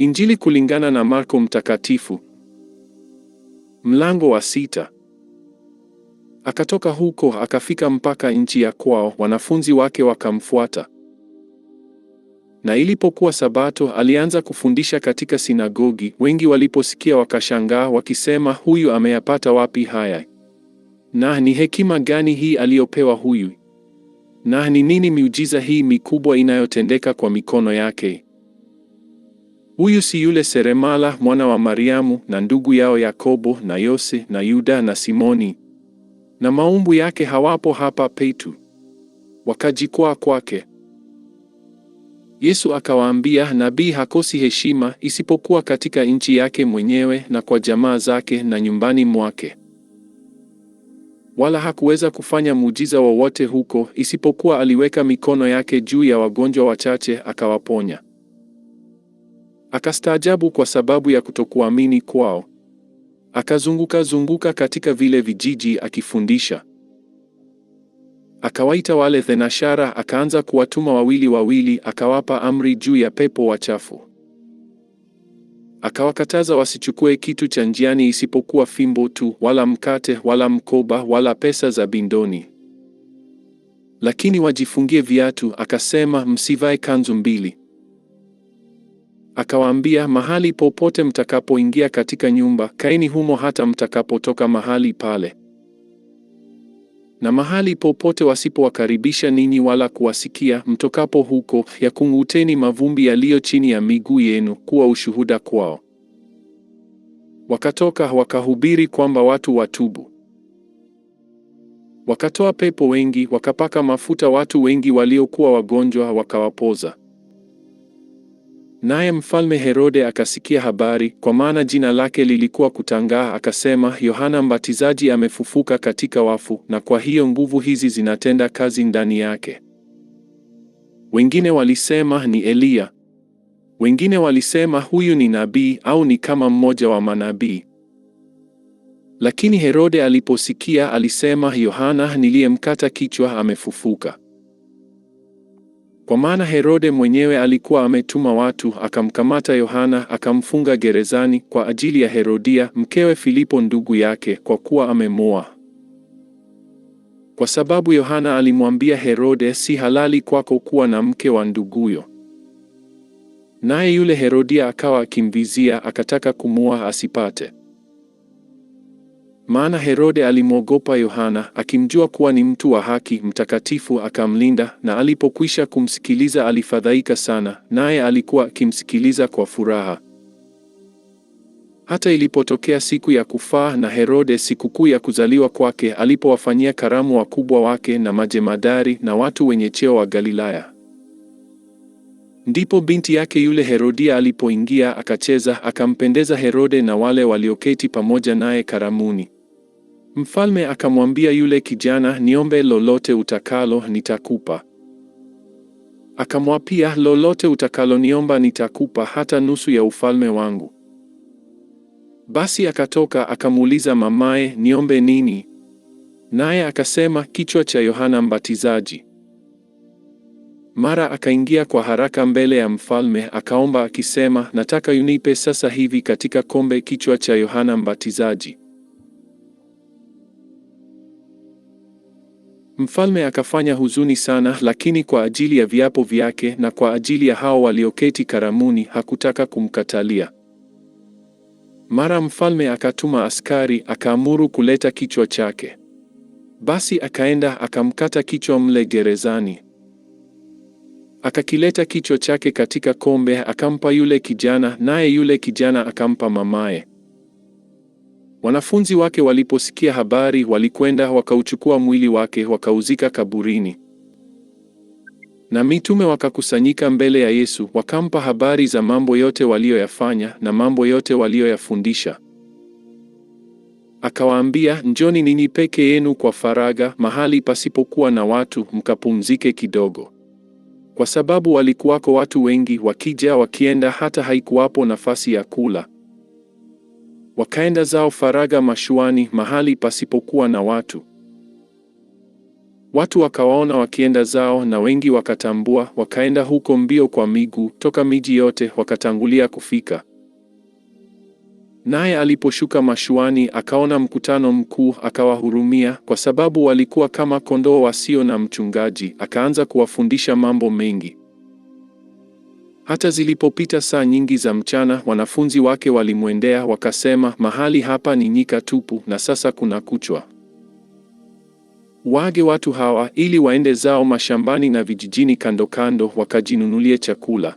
Injili kulingana na Marko Mtakatifu, mlango wa sita. Akatoka huko akafika mpaka nchi ya kwao, wanafunzi wake wakamfuata. Na ilipokuwa Sabato, alianza kufundisha katika sinagogi. Wengi waliposikia wakashangaa, wakisema, huyu ameyapata wapi haya? Na ni hekima gani hii aliyopewa huyu? Na ni nini miujiza hii mikubwa inayotendeka kwa mikono yake? Huyu si yule seremala mwana wa Mariamu na ndugu yao Yakobo na Yose na Yuda na Simoni? Na maumbu yake hawapo hapa petu? Wakajikwaa kwake. Yesu akawaambia, nabii hakosi heshima isipokuwa katika nchi yake mwenyewe na kwa jamaa zake na nyumbani mwake. Wala hakuweza kufanya muujiza wowote huko isipokuwa aliweka mikono yake juu ya wagonjwa wachache akawaponya. Akastaajabu kwa sababu ya kutokuamini kwao. Akazunguka zunguka katika vile vijiji akifundisha. Akawaita wale thenashara, akaanza kuwatuma wawili wawili, akawapa amri juu ya pepo wachafu. Akawakataza wasichukue kitu cha njiani isipokuwa fimbo tu, wala mkate, wala mkoba, wala pesa za bindoni, lakini wajifungie viatu. Akasema, msivae kanzu mbili akawaambia, mahali popote mtakapoingia katika nyumba, kaeni humo hata mtakapotoka mahali pale. Na mahali popote wasipowakaribisha ninyi wala kuwasikia, mtokapo huko, yakung'uteni mavumbi yaliyo chini ya miguu yenu, kuwa ushuhuda kwao. Wakatoka wakahubiri kwamba watu watubu. Wakatoa pepo wengi, wakapaka mafuta watu wengi waliokuwa wagonjwa, wakawapoza. Naye mfalme Herode akasikia habari, kwa maana jina lake lilikuwa kutangaa, akasema, Yohana Mbatizaji amefufuka katika wafu, na kwa hiyo nguvu hizi zinatenda kazi ndani yake. Wengine walisema ni Eliya, wengine walisema huyu ni nabii au ni kama mmoja wa manabii. Lakini Herode aliposikia, alisema, Yohana niliyemkata kichwa amefufuka. Kwa maana Herode mwenyewe alikuwa ametuma watu akamkamata Yohana akamfunga gerezani kwa ajili ya Herodia mkewe Filipo ndugu yake, kwa kuwa amemoa. Kwa sababu Yohana alimwambia Herode, si halali kwako kuwa na mke wa nduguyo. Naye yule Herodia akawa akimvizia akataka kumua asipate. Maana Herode alimwogopa Yohana, akimjua kuwa ni mtu wa haki mtakatifu, akamlinda, na alipokwisha kumsikiliza alifadhaika sana, naye alikuwa akimsikiliza kwa furaha. Hata ilipotokea siku ya kufaa na Herode sikukuu ya kuzaliwa kwake, alipowafanyia karamu wakubwa wake na majemadari na watu wenye cheo wa Galilaya, ndipo binti yake yule Herodia alipoingia akacheza, akampendeza Herode na wale walioketi pamoja naye karamuni. Mfalme akamwambia yule kijana, niombe lolote utakalo, nitakupa. Akamwapia, lolote utakaloniomba nitakupa, hata nusu ya ufalme wangu. Basi akatoka akamuuliza mamaye, niombe nini? Naye akasema, kichwa cha Yohana Mbatizaji. Mara akaingia kwa haraka mbele ya mfalme akaomba akisema, nataka unipe sasa hivi katika kombe kichwa cha Yohana Mbatizaji. Mfalme akafanya huzuni sana, lakini kwa ajili ya viapo vyake na kwa ajili ya hao walioketi karamuni hakutaka kumkatalia. Mara mfalme akatuma askari, akaamuru kuleta kichwa chake. Basi akaenda akamkata kichwa mle gerezani. Akakileta kichwa chake katika kombe, akampa yule kijana, naye yule kijana akampa mamaye. Wanafunzi wake waliposikia habari, walikwenda wakauchukua mwili wake wakauzika kaburini. Na mitume wakakusanyika mbele ya Yesu, wakampa habari za mambo yote waliyoyafanya na mambo yote waliyoyafundisha. Akawaambia, njoni nini peke yenu kwa faraga mahali pasipokuwa na watu, mkapumzike kidogo, kwa sababu walikuwako watu wengi wakija wakienda, hata haikuwapo nafasi ya kula wakaenda zao faraga mashuani, mahali pasipokuwa na watu. Watu wakawaona wakienda zao, na wengi wakatambua, wakaenda huko mbio kwa miguu toka miji yote, wakatangulia kufika. Naye aliposhuka mashuani, akaona mkutano mkuu, akawahurumia, kwa sababu walikuwa kama kondoo wasio na mchungaji, akaanza kuwafundisha mambo mengi. Hata zilipopita saa nyingi za mchana, wanafunzi wake walimwendea wakasema, mahali hapa ni nyika tupu, na sasa kuna kuchwa. Waage watu hawa ili waende zao mashambani na vijijini kando kando, wakajinunulie chakula.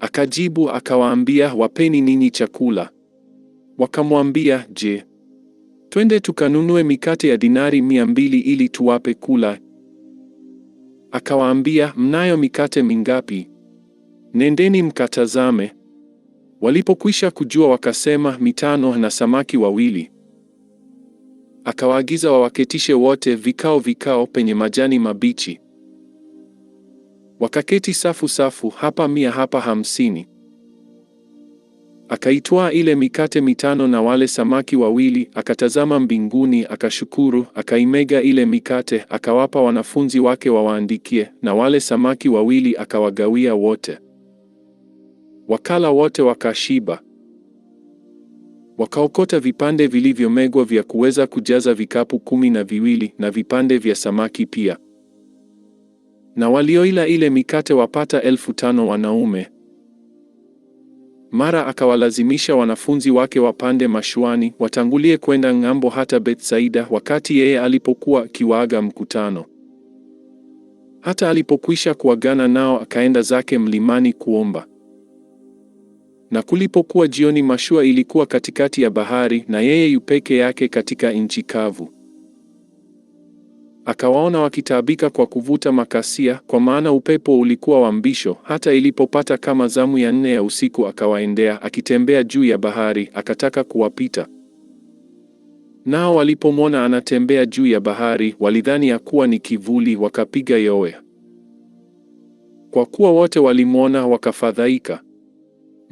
Akajibu akawaambia, wapeni ninyi chakula. Wakamwambia, je, twende tukanunue mikate ya dinari mia mbili ili tuwape kula? Akawaambia, mnayo mikate mingapi? Nendeni mkatazame. Walipokwisha kujua wakasema, mitano na samaki wawili. Akawaagiza wawaketishe wote vikao vikao penye majani mabichi. Wakaketi safu safu, hapa mia, hapa hamsini. Akaitwaa ile mikate mitano na wale samaki wawili, akatazama mbinguni, akashukuru, akaimega ile mikate, akawapa wanafunzi wake wawaandikie, na wale samaki wawili akawagawia wote. Wakala wote wakashiba, wakaokota vipande vilivyomegwa vya kuweza kujaza vikapu kumi na viwili na vipande vya samaki pia, na walioila ile mikate wapata elfu tano wanaume. Mara akawalazimisha wanafunzi wake wapande mashuani watangulie kwenda ng'ambo hata Bethsaida, wakati yeye alipokuwa akiwaaga mkutano. Hata alipokwisha kuagana nao, akaenda zake mlimani kuomba na kulipokuwa jioni, mashua ilikuwa katikati ya bahari na yeye yupeke yake katika nchi kavu. Akawaona wakitaabika kwa kuvuta makasia, kwa maana upepo ulikuwa wa mbisho. Hata ilipopata kama zamu ya nne ya usiku, akawaendea akitembea juu ya bahari, akataka kuwapita. Nao walipomwona anatembea juu ya bahari, walidhani ya kuwa ni kivuli, wakapiga yowe. Kwa kuwa wote walimwona, wakafadhaika.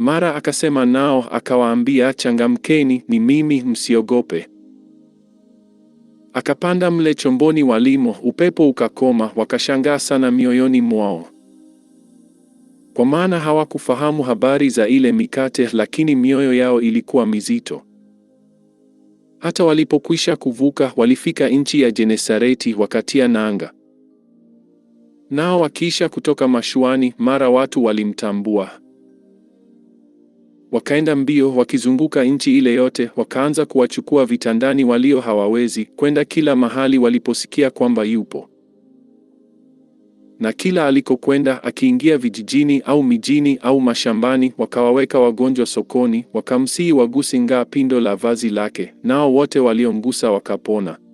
Mara akasema nao akawaambia, changamkeni, ni mimi, msiogope. Akapanda mle chomboni walimo, upepo ukakoma, wakashangaa sana mioyoni mwao, kwa maana hawakufahamu habari za ile mikate, lakini mioyo yao ilikuwa mizito. Hata walipokwisha kuvuka, walifika nchi ya Genesareti, wakatia nanga. Nao wakiisha kutoka mashuani, mara watu walimtambua Wakaenda mbio wakizunguka nchi ile yote, wakaanza kuwachukua vitandani walio hawawezi, kwenda kila mahali waliposikia kwamba yupo. Na kila alikokwenda, akiingia vijijini au mijini au mashambani, wakawaweka wagonjwa sokoni, wakamsihi wagusi ngaa pindo la vazi lake, nao wote waliomgusa wakapona.